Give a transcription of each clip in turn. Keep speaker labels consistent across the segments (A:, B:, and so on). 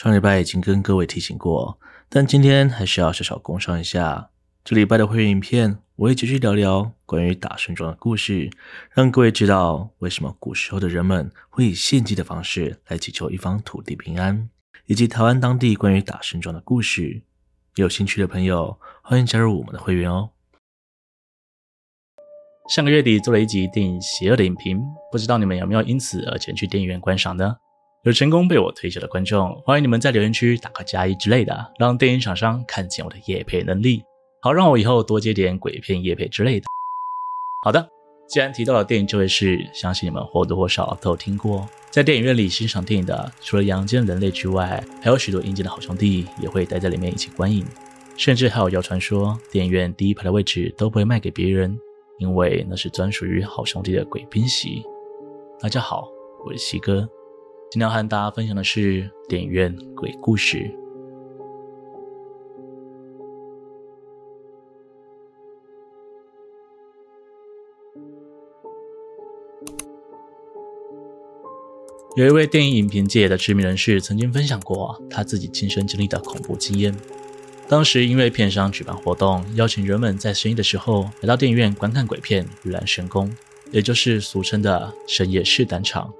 A: 上禮拜已經跟各位提醒過，但今天還是要小小工商一下。這禮拜的會員影片，我會繼續聊聊關於打生樁的故事，讓各位知道為什麼古時候的人們會以獻祭的方式來祈求一方土地平安，以及台灣當地關於打生樁的故事。有興趣的朋友，歡迎加入我們的會員哦。上個月底做了一集電影《邪惡》的影評，不知道你們有沒有因此而前去電影院觀賞呢？有成功被我推銷的觀眾，歡迎你們在留言區打個加一之類的，讓電影廠商看見我的業配能力，好讓我以後多接點鬼片業配之類的。好的，既然提到了電影這回事，相信你們或多或少都有聽過，在電影院裡欣賞電影的，除了陽間人類之外，還有許多陰間的好兄弟也會待在裡面一起觀影，甚至還有謠傳說，電影院第一排的位置都不會賣給別人，因為那是專屬於好兄弟的貴賓席。大家好，我是西哥。今天要和大家分享的是電影院鬼故事。有一位電影影評界的知名人士曾經分享過他自己親身經歷的恐怖經驗。當時因為片商舉辦活動，邀請人們在深夜的時候來到電影院觀看鬼片《盂蘭神功》，也就是俗稱的深夜試膽場。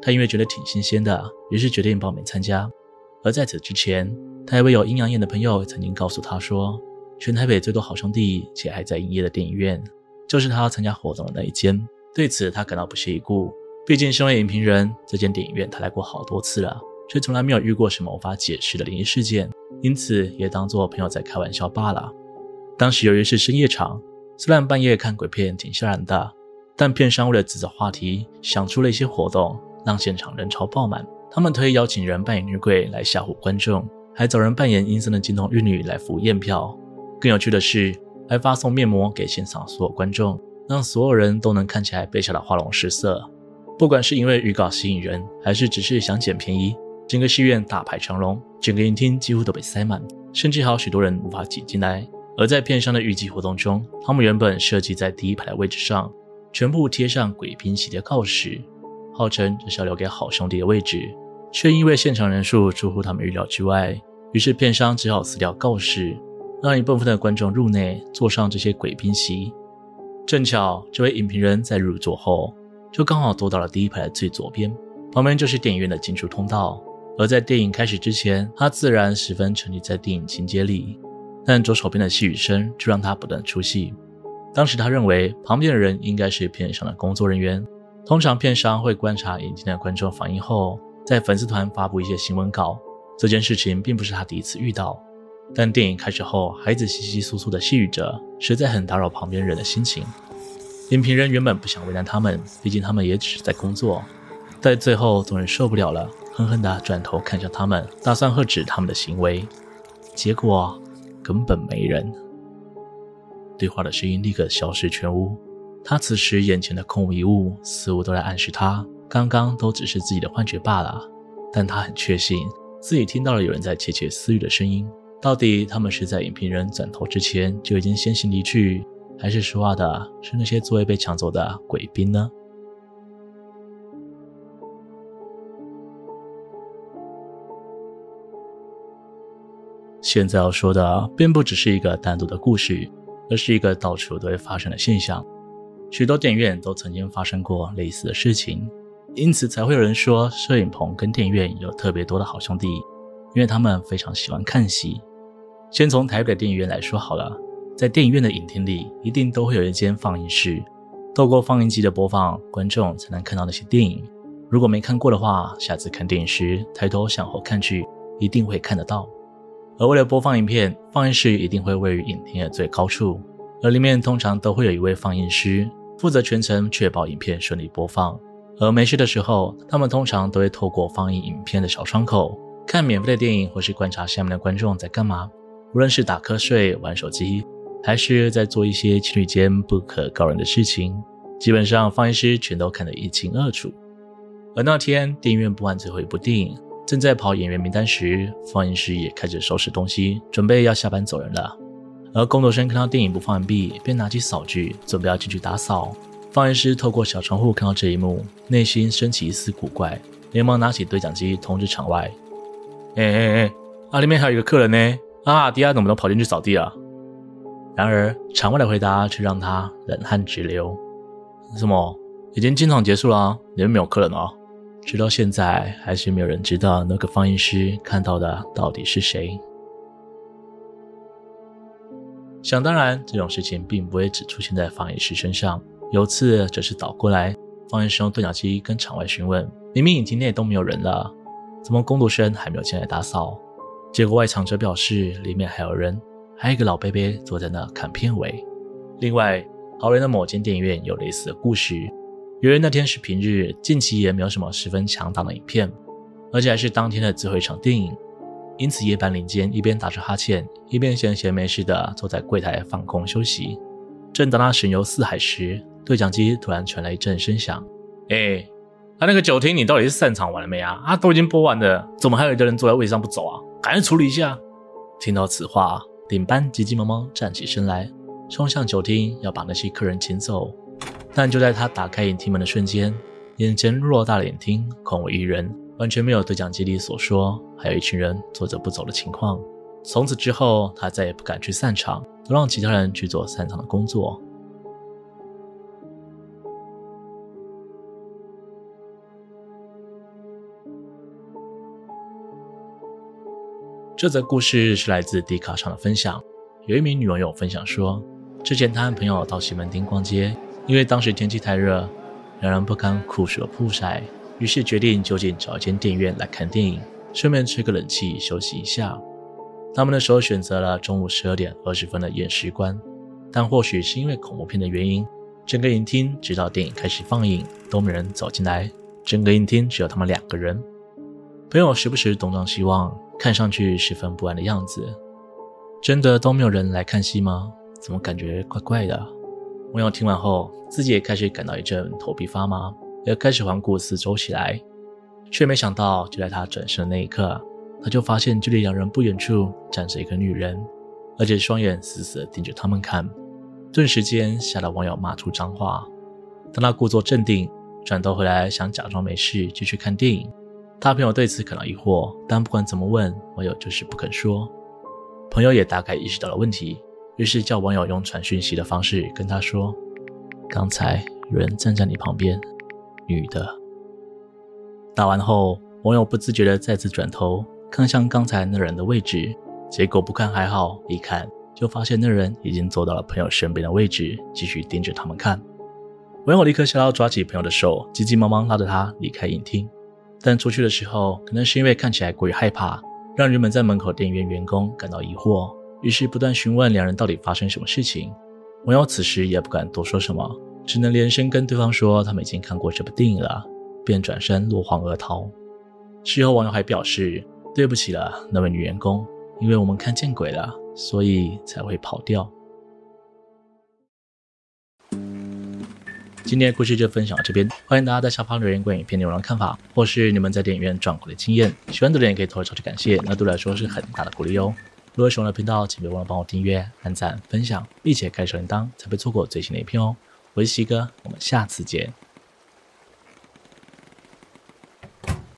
A: 他因為覺得挺新鮮的，於是決定報名參加。而在此之前，他一位有陰陽眼的朋友曾經告訴他說，全台北最多好兄弟且還在營業的電影院，就是他參加活動的那一間。對此，他感到不屑一顧。畢竟身為影評人，這間電影院他來過好多次了，卻從來沒有遇過什麼無法解釋的靈異事件，因此也當做朋友在開玩笑罷了。當時由於是深夜場，雖然半夜看鬼片挺嚇人的，但片商為了制造話題，想出了一些活動。讓現場人潮爆滿，他們特意邀請人扮演女鬼來嚇唬觀眾，還找人扮演陰森的金童玉女來伏驗票。更有趣的是，還發送面膜給現場所有觀眾，讓所有人都能看起來被嚇得花容失色。不管是因為預告吸引人，還是只是想撿便宜，整個戲院大排長龍，整個影廳幾乎都被塞滿，甚至還有許多人無法擠進來。而在片商的預計活動中，他們原本設計在第一排的位置上，全部貼上鬼片系列告示。號稱這是要留給好兄弟的位置，卻因為現場人數出乎他們預料之外，於是片商只好撕掉告示，讓一部分，分的觀眾入內坐上這些貴賓席。正巧，這位影評人在入座後就剛好坐到了第一排的最左邊，旁邊就是電影院的進出通道。而在電影開始之前，他自然十分沉浸在電影情節裡，但左手邊的細語聲卻讓他不斷出戲。當時他認為旁邊的人應該是片商的工作人員。通常片商會觀察影廳的觀眾反應後，在粉絲團發佈一些新聞稿。這件事情並不是他第一次遇到，但電影開始後，孩子窸窸窣窣的細語着，實在很打擾旁邊人的心情。影評人原本不想為難他們，畢竟他們也只是在工作。在最後，總是受不了了，狠狠地轉頭看向他們，打算喝止他們的行為，結果根本沒人。對話的聲音立刻消失全無。他此時眼前的空無一物，似乎都在暗示他剛剛都只是自己的幻覺罷了。但他很確信自己聽到了有人在竊竊私語的聲音。到底他們是在影評人轉頭之前就已經先行離去，還是說話的是那些座位被搶走的鬼兵呢？現在要說的，並不只是一個單獨的故事，而是一個到處都會發生的現象。許多電影院都曾經發生過類似的事情，因此才會有人說攝影棚跟電影院有特別多的好兄弟，因為他們非常喜歡看戲。先從台北的電影院來說好了，在電影院的影廳裡，一定都會有一間放映室，透過放映機的播放，觀眾才能看到那些電影。如果沒看過的話，下次看電影時抬頭向後看去，一定會看得到。而為了播放影片，放映室一定會位於影廳的最高處，而裡面通常都會有一位放映師。負責全程確保影片順利播放，而沒事的時候，他們通常都會透過放映影片的小窗口看免費的電影，或是觀察下面的觀眾在幹嘛。無論是打瞌睡、玩手機，還是在做一些情侶間不可告人的事情，基本上放映師全都看得一清二楚。而那天，電影院播完最後一部電影，正在跑演員名單時，放映師也開始收拾東西，準備要下班走人了。而工作生看到電影播放完畢，便拿起掃帚準備要進去打掃。放映師透過小窗戶看到這一幕，內心升起一絲古怪，連忙拿起對講機通知場外：“哎哎哎，啊裡面還有一個客人呢，啊迪亞、啊、怎麼能跑進去掃地啊？”然而場外的回答卻讓他冷汗直流：“什麼？已經進場結束了？裡面沒有客人哦、啊。”直到現在，還是沒有人知道那個放映師看到的到底是誰。想當然，這種事情並不會只出現在放映師身上。有次則是倒過來，放映師用對講機跟場外詢問：“明明影廳內都沒有人了，怎麼工讀生還沒有進來打掃？”結果外場者表示：“裡面還有人，還有一個老伯伯坐在那看片尾。”另外，豪人的某間電影院有類似的故事，由於那天是平日，近期也沒有什麼十分強檔的影片，而且還是當天的最後一場電影。因此，夜班領班一邊打着哈欠，一邊閒閒沒事的坐在櫃檯放空休息。正當他神遊四海時，對講機突然傳來一陣聲響：“哎、欸，他那個酒廳你到底是散場完了沒啊？啊，都已經播完了，怎麼還有一個人坐在位上不走啊？趕緊處理一下！”聽到此話，領班急急忙忙站起身來，衝向酒廳要把那些客人請走。但就在他打開影廳門的瞬間，眼前偌大的影廳空無一人。完全沒有對講機裡所說，還有一群人坐着不走的情況。從此之後，他再也不敢去散場，都讓其他人去做散場的工作。這則故事是來自迪卡上的分享。有一名女網友分享說，之前她和朋友到西門町逛街，因為當時天氣太熱，兩人不堪酷暑的曝曬。於是決定就近找一間電影院來看電影，順便吹個冷氣休息一下。他們的時候選擇了中午十二點二十分的《驗屍官》，但或許是因為恐怖片的原因，整個影廳直到電影開始放映都沒有人走進來，整個影廳只有他們兩個人。朋友時不時東張西望，看上去十分不安的樣子。真的都沒有人來看戲嗎？怎麼感覺怪怪的？網友聽完後，自己也開始感到一陣頭皮發麻。也開始環顧四周起來，卻沒想到就在他轉身的那一刻，他就發現距離兩人不遠處站着一個女人，而且雙眼死死盯着他們看。頓時間，嚇得網友罵出髒話。當他故作鎮定，轉頭回來想假裝沒事繼續看電影。他朋友對此感到疑惑，但不管怎麼問，網友就是不肯說。朋友也大概意識到了問題，於是叫網友用傳訊息的方式跟他說：“剛才有人站在你旁邊。”女的打完後，網友不自覺的再次轉頭看向剛才那人的位置，結果不看還好，一看就發現那人已經坐到了朋友身邊的位置，繼續盯着他們看。網友立刻想要抓起朋友的手，急急忙忙拉着他離開影廳。但出去的時候，可能是因為看起來過於害怕，讓原本在門口的影院員工感到疑惑，於是不斷詢問兩人到底發生什麼事情。網友此時也不敢多說什麼。只能連聲跟對方說他們已經看過這部電影了，便轉身落荒而逃。事後網友還表示：“對不起了，那位女員工，因為我們看見鬼了，所以才會跑掉。”今天的故事就分享到這邊，歡迎大家在下方留言關於影片內容的看法，或是你們在電影院撞過的經驗。喜歡的人也可以投個超級感謝，那對我來說是很大的鼓勵哦。如果喜歡我的頻道，請別忘了幫我訂閱、按讚、分享，並且開小鈴鐺，才不會錯過最新的影片哦。我是西哥，我們下次見。